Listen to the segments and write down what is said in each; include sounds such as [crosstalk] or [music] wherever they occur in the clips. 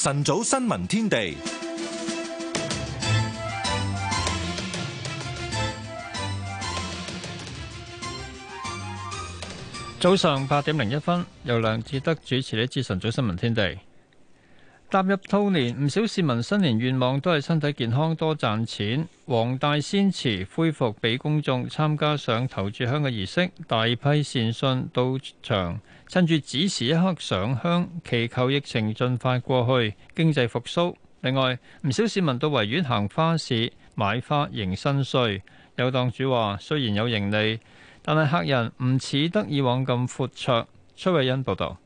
晨早新聞天地，早上八點零一分，由梁志德主持呢節晨早新聞天地。踏入兔年，唔少市民新年願望都係身體健康、多賺錢，黃大仙祠恢復俾公眾參加上頭柱香嘅儀式，大批善信到場，趁住子時一刻上香，祈求疫情盡快過去、經濟復甦，另外，唔少市民到維園行花市買花迎新歲，有檔主話雖然有盈利，但係客人唔似得以往咁闊綽，崔慧欣報道。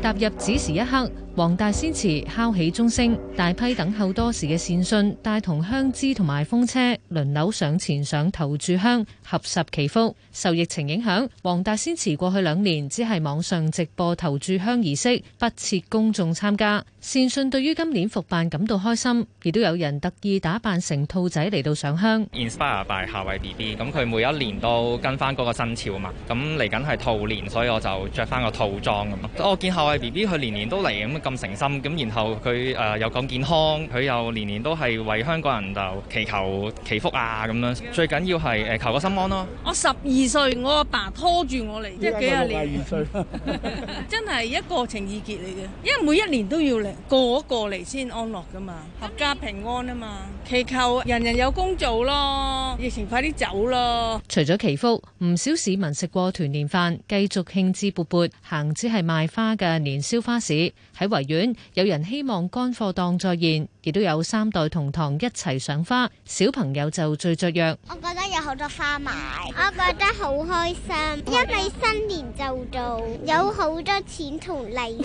踏入子時一刻，黃大仙祠敲起鐘聲，大批等候多時嘅善信帶同香枝同埋風車輪流上前上頭炷香，合十祈福。受疫情影響，黃大仙祠過去兩年只係網上直播頭炷香儀式，不設公眾參加。善信對於今年復辦感到開心，亦都有人特意打扮成兔仔嚟到上香。Inspire by 夏威 B B，咁佢每一年都跟翻嗰個新潮啊嘛，咁嚟緊係兔年，所以我就着翻個兔裝咁，我見後。喂 B B，佢年年都嚟咁，咁誠心，咁然後佢誒又講健康，佢又年年都係為香港人就祈求祈福啊咁樣，最緊要係誒求個心安咯。我十二歲，我阿爸拖住我嚟，即係幾廿年。真係一個情意結嚟嘅，因為每一年都要嚟過一過嚟先安樂噶嘛，合家平安啊嘛，祈求人人有工做咯，疫情快啲走咯。除咗祈福，唔少市民食過團年飯，繼續興致勃勃，行之係賣花㗎。年宵花市喺維園，有人希望乾貨檔再現。亦都有三代同堂一齊賞花，小朋友就最雀躍。我覺得有好多花買，我覺得好開心，因為新年就到，有好多錢同利。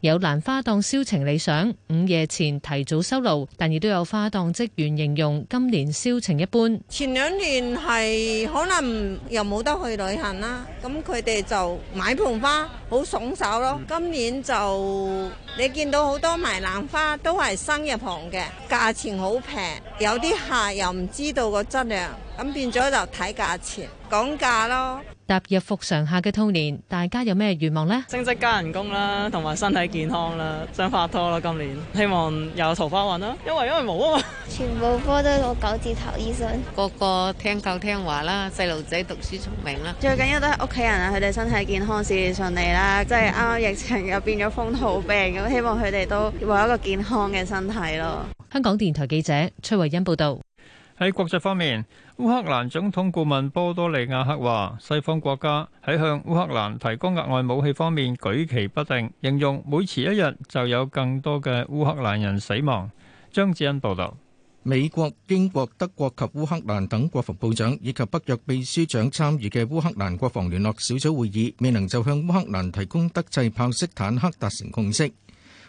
有蘭花檔銷情理想，午夜前提早收爐，但亦都有花檔職員形容今年銷情一般。前兩年係可能又冇得去旅行啦，咁佢哋就買盆花，好爽手咯。今年就你見到好多賣蘭花都係新人。旁嘅價錢好平，有啲客人又唔知道個質量。咁變咗就睇價錢，講價咯。踏入復常下嘅兔年，大家有咩願望呢？升職加人工啦，同埋身體健康啦，想拍拖啦，今年希望有桃花運啦。因為因為冇啊嘛。全部科都九字頭醫生，個個聽夠聽話啦，細路仔讀書聰明啦，最緊要都係屋企人啊，佢哋身體健康、事業順利啦。即係啱啱疫情又變咗風土病，咁希望佢哋都有一個健康嘅身體咯。香港電台記者崔慧欣報導。喺國際方面，烏克蘭總統顧問波多利亞克話：西方國家喺向烏克蘭提供額外武器方面舉棋不定，形容每遲一日就有更多嘅烏克蘭人死亡。張智恩報道：美國、英國、德國及烏克蘭等國防部長以及北約秘書長參與嘅烏克蘭國防聯絡小組會議，未能就向烏克蘭提供德製炮式坦克達成共識。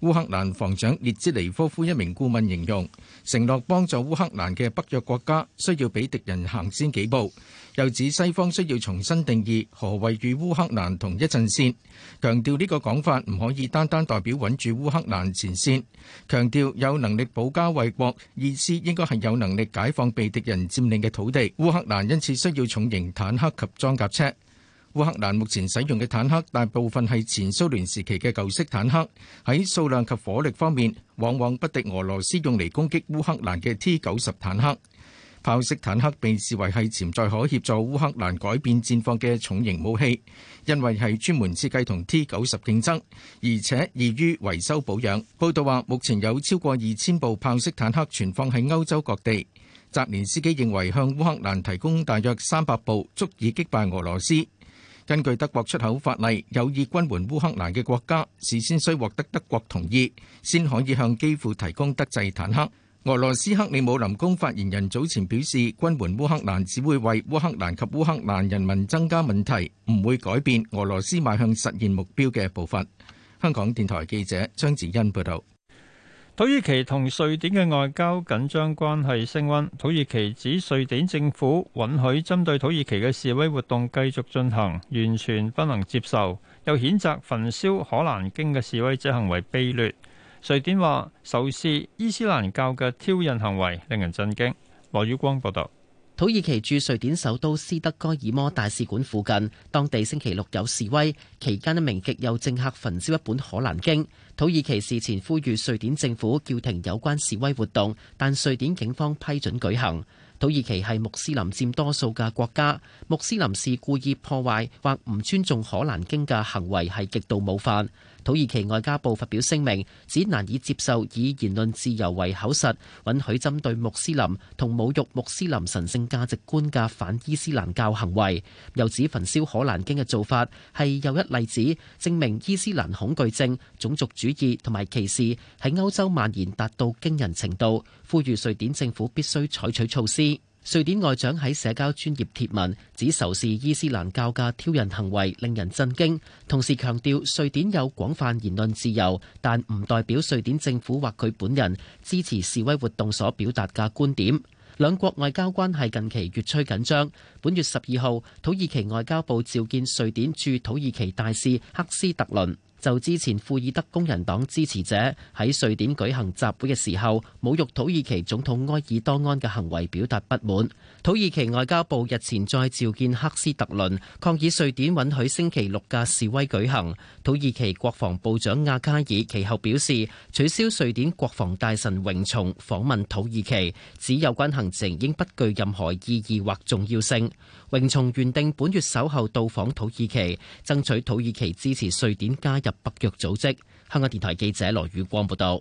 烏克蘭防長列茲尼科夫一名顧問形容，承諾幫助烏克蘭嘅北約國家需要俾敵人行先幾步，又指西方需要重新定義何謂與烏克蘭同一陣線，強調呢個講法唔可以單單代表穩住烏克蘭前線，強調有能力保家衛國，意思應該係有能力解放被敵人佔領嘅土地，烏克蘭因此需要重型坦克及裝甲車。烏克蘭目前使用嘅坦克大部分係前蘇聯時期嘅舊式坦克，喺數量及火力方面往往不敵俄羅斯用嚟攻擊烏克蘭嘅 T 九十坦克。豹式坦克被視為係潛在可協助烏克蘭改變戰況嘅重型武器，因為係專門設計同 T 九十競爭，而且易於維修保養。報道話，目前有超過二千部豹式坦克存放喺歐洲各地。澤連斯基認為向烏克蘭提供大約三百部足以擊敗俄羅斯。根據德國出口法例，有意軍援烏克蘭嘅國家事先需獲得德國同意，先可以向基輔提供德製坦克。俄羅斯克里姆林宮發言人早前表示，軍援烏克蘭只會為烏克蘭及烏克蘭人民增加問題，唔會改變俄羅斯邁向實現目標嘅步伐。香港電台記者張子欣報道。土耳其同瑞典嘅外交緊張關係升溫。土耳其指瑞典政府允許針對土耳其嘅示威活動繼續進行，完全不能接受，又譴責焚燒可蘭經嘅示威者行為卑劣。瑞典話仇視伊斯蘭教嘅挑釁行為令人震驚，羅宇光報道。土耳其駐瑞典首都斯德哥爾摩大使館附近，當地星期六有示威，期間一名極右政客焚燒一本《可蘭經》。土耳其事前呼籲瑞典政府叫停有關示威活動，但瑞典警方批准舉行。土耳其係穆斯林占多數嘅國家，穆斯林視故意破壞或唔尊重《可蘭經》嘅行為係極度冒犯。土耳其外交部發表聲明，指難以接受以言論自由為口實，允許針對穆斯林同侮辱穆斯林神聖價值觀嘅反伊斯蘭教行為。又指焚燒可蘭經嘅做法係又一例子，證明伊斯蘭恐懼症、種族主義同埋歧視喺歐洲蔓延達到驚人程度，呼籲瑞典政府必須採取措施。瑞典外長喺社交專業貼文指，仇視伊斯蘭教嘅挑釁行為令人震驚，同時強調瑞典有廣泛言論自由，但唔代表瑞典政府或佢本人支持示威活動所表達嘅觀點。兩國外交關係近期越趨緊張。本月十二號，土耳其外交部召見瑞典駐土耳其大使克斯特倫。就之前庫爾德工人黨支持者喺瑞典舉行集會嘅時候，侮辱土耳其總統埃爾多安嘅行為表達不滿。土耳其外交部日前再召見克斯特倫，抗議瑞典允許星期六嘅示威舉行。土耳其國防部長亞加爾其後表示，取消瑞典國防大臣榮松訪問土耳其，指有關行程應不具任何意義或重要性。榮松原定本月稍後到訪土耳其，爭取土耳其支持瑞典加入北約組織。香港電台記者羅宇光報道：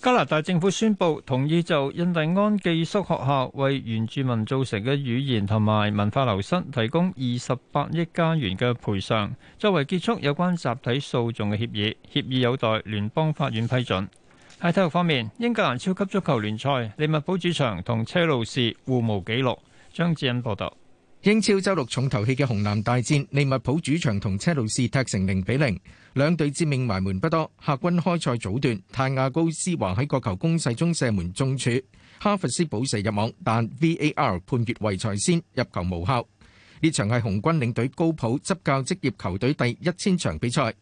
加拿大政府宣布同意就印第安寄宿學校為原住民造成嘅語言同埋文化流失提供二十八億加元嘅賠償，作為結束有關集體訴訟嘅協議。協議有待聯邦法院批准。喺體育方面，英格蘭超級足球聯賽利物浦主場同車路士互無紀錄。張智恩報道。英超周六重頭戲嘅紅藍大戰，利物浦主場同車路士踢成零比零，兩隊致命埋門不多。客軍開賽早段，泰亞高斯華喺角球攻勢中射門中柱，哈弗斯補射入網，但 V A R 判越位在先，入球無效。呢場係紅軍領隊高普執教職業球隊第一千場比賽。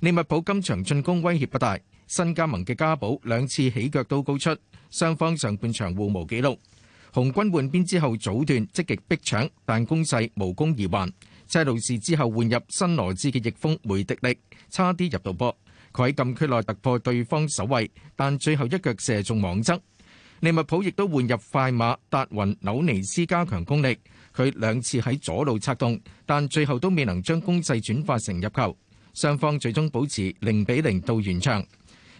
利物浦今場進攻威脅不大，新加盟嘅加保兩次起腳都高出，雙方上半場互無紀錄。紅軍換邊之後，早段積極逼搶，但攻勢無功而還。車路士之後換入新羅茲嘅翼鋒梅迪力，差啲入到波。佢喺禁區內突破對方守衛，但最後一腳射中網側。利物浦亦都換入快馬達雲紐尼斯加強攻力。佢兩次喺左路策動，但最後都未能將攻勢轉化成入球。雙方最終保持零比零到完場。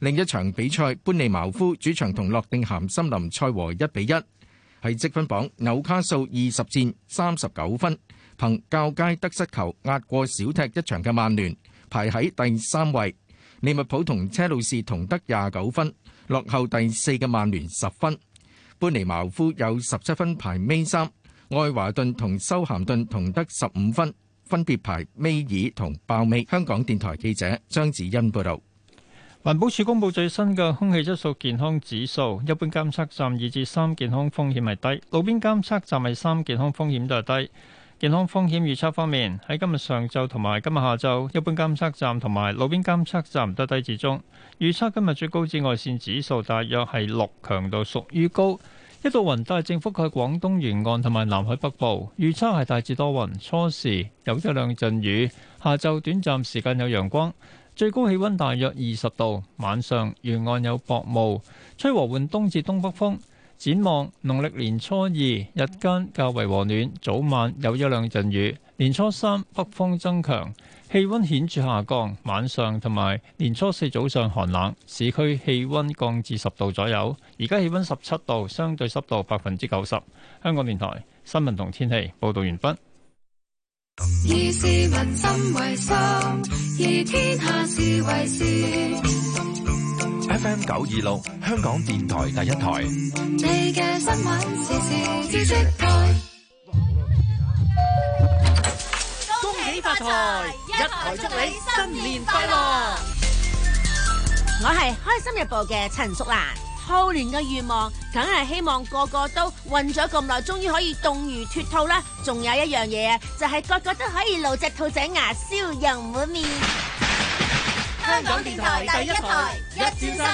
另一場比賽，班尼茅夫主場同諾定咸森林賽和一比一，喺積分榜，紐卡素二十戰三十九分，憑較佳得失球壓過少踢一場嘅曼聯，排喺第三位。利物浦同車路士同得廿九分，落後第四嘅曼聯十分。班尼茅夫有十七分排尾三，愛華頓同修咸頓同得十五分，分別排尾二同爆尾。香港電台記者張子欣報道。環保署公布最新嘅空氣質素健康指數，一般監測站二至三健康風險係低，路邊監測站係三健康風險都係低。健康風險預測方面，喺今日上晝同埋今日下晝，一般監測站同埋路邊監測站都係低至中。預測今日最高紫外線指數大約係六強度，屬於高。一度雲帶正覆蓋廣東沿岸同埋南海北部，預測係大致多雲，初時有一兩陣雨，下晝短暫時間有陽光。最高氣溫大約二十度，晚上沿岸有薄霧，吹和緩東至東北風。展望，農曆年初二日間較為和暖，早晚有一兩陣雨。年初三北風增強，氣溫顯著下降，晚上同埋年初四早上寒冷，市區氣溫降至十度左右。而家氣溫十七度，相對濕度百分之九十。香港電台新聞同天氣報導完畢。以市民心為心，以天下事為事。FM 926，香港電台第一台。你嘅新聞時時知識台。恭喜發財，一台祝你新年快樂。我係開心日報嘅陳淑蘭。兔年嘅願望，梗係希望個個都困咗咁耐，終於可以動如脫兔啦！仲有一樣嘢啊，就係個個都可以露隻兔仔牙，笑容滿面。香港電台第一台一轉身，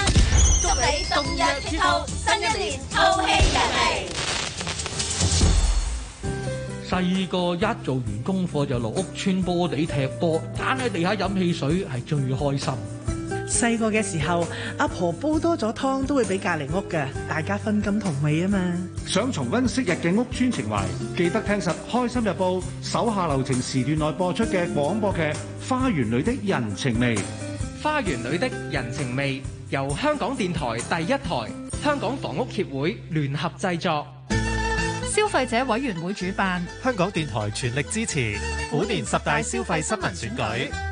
祝你動如脫兔，新一年兔氣揚眉。細個一做完功課就落屋村波地踢波，攤喺地下飲汽水係最開心。細個嘅時候，阿婆煲多咗湯都會俾隔籬屋嘅，大家分甘同味啊嘛！想重温昔日嘅屋村情懷，記得聽實《開心日報》手下留情時段內播出嘅廣播劇《花園裏的人情味》。《花園裏的人情味》由香港電台第一台、香港房屋協會聯合製作，消費者委員會主辦，香港電台全力支持。本年十大消費新聞選舉。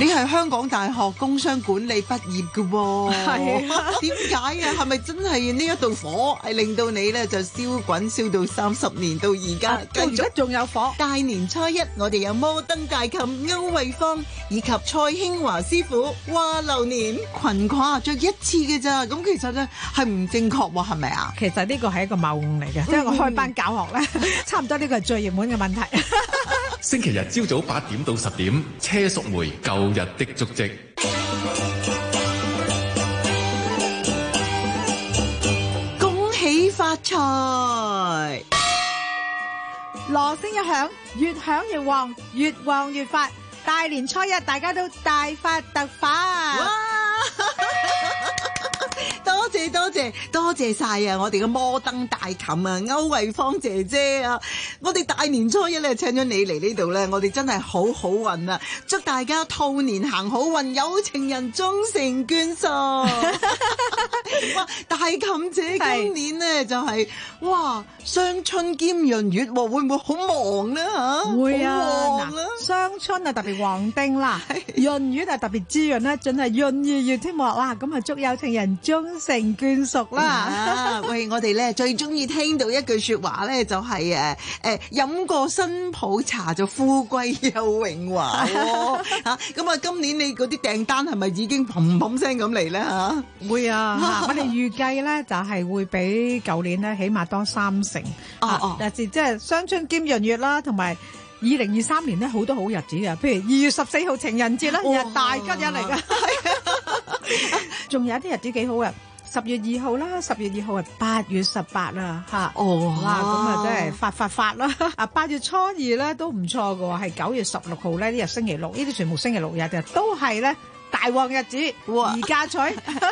你係香港大學工商管理畢業㗎喎、哦，係點解啊？係咪真係呢一道火係令到你咧就燒滾燒到三十年到而家？到咗仲有火？大年初一我哋有摩登大琴歐惠芳以及蔡興華師傅。哇！流年裙褂著一次嘅咋？咁其實咧係唔正確喎，係咪啊？其實呢個係一個謬誤嚟嘅，即係、嗯、我開班教學咧，差唔多呢個係最熱門嘅問題。 [laughs] 星期日朝早八點到十點，車淑梅舊日的足跡。恭喜發財，鑼聲一響，越響越旺，越旺越發。大年初一，大家都大發特發。多謝多謝晒啊！我哋嘅摩登大琴啊，歐惠芳姐姐啊，我哋大年初一咧請咗你嚟呢度咧，我哋真係好好運啊！祝大家兔年行好運，有情人終成眷屬。哇！大琴姐今年咧就係哇，雙春兼閏月，會唔會好忙咧吓？會啊，雙春啊特別旺丁啦，閏月就特別滋潤啦，準係閏二月添喎！哇，咁啊祝有情人終成眷。熟啦，喂！ [laughs] 我哋咧最中意聽到一句說話咧，就是，就係誒誒，飲過新抱茶就富貴又榮華吓。咁啊，今年你嗰啲訂單係咪已經砰砰聲咁嚟咧？吓？會啊，我哋預計咧就係會比舊年咧起碼多三成。哦哦，啊，尤，啊，其即係雙春兼閏月啦，同埋二零二三年咧好多好日子啊。譬如二月十四號情人節啦，日大吉日嚟噶，仲 [laughs] [laughs] 有啲日子幾好啊。十月二號啦，十月二號係八月十八啦，吓，哦，咁啊真係發發發啦，啊八月初二咧都唔錯噶，係九月十六號咧呢日星期六，呢啲全部星期六日都係咧大旺日子，而家取。 [laughs]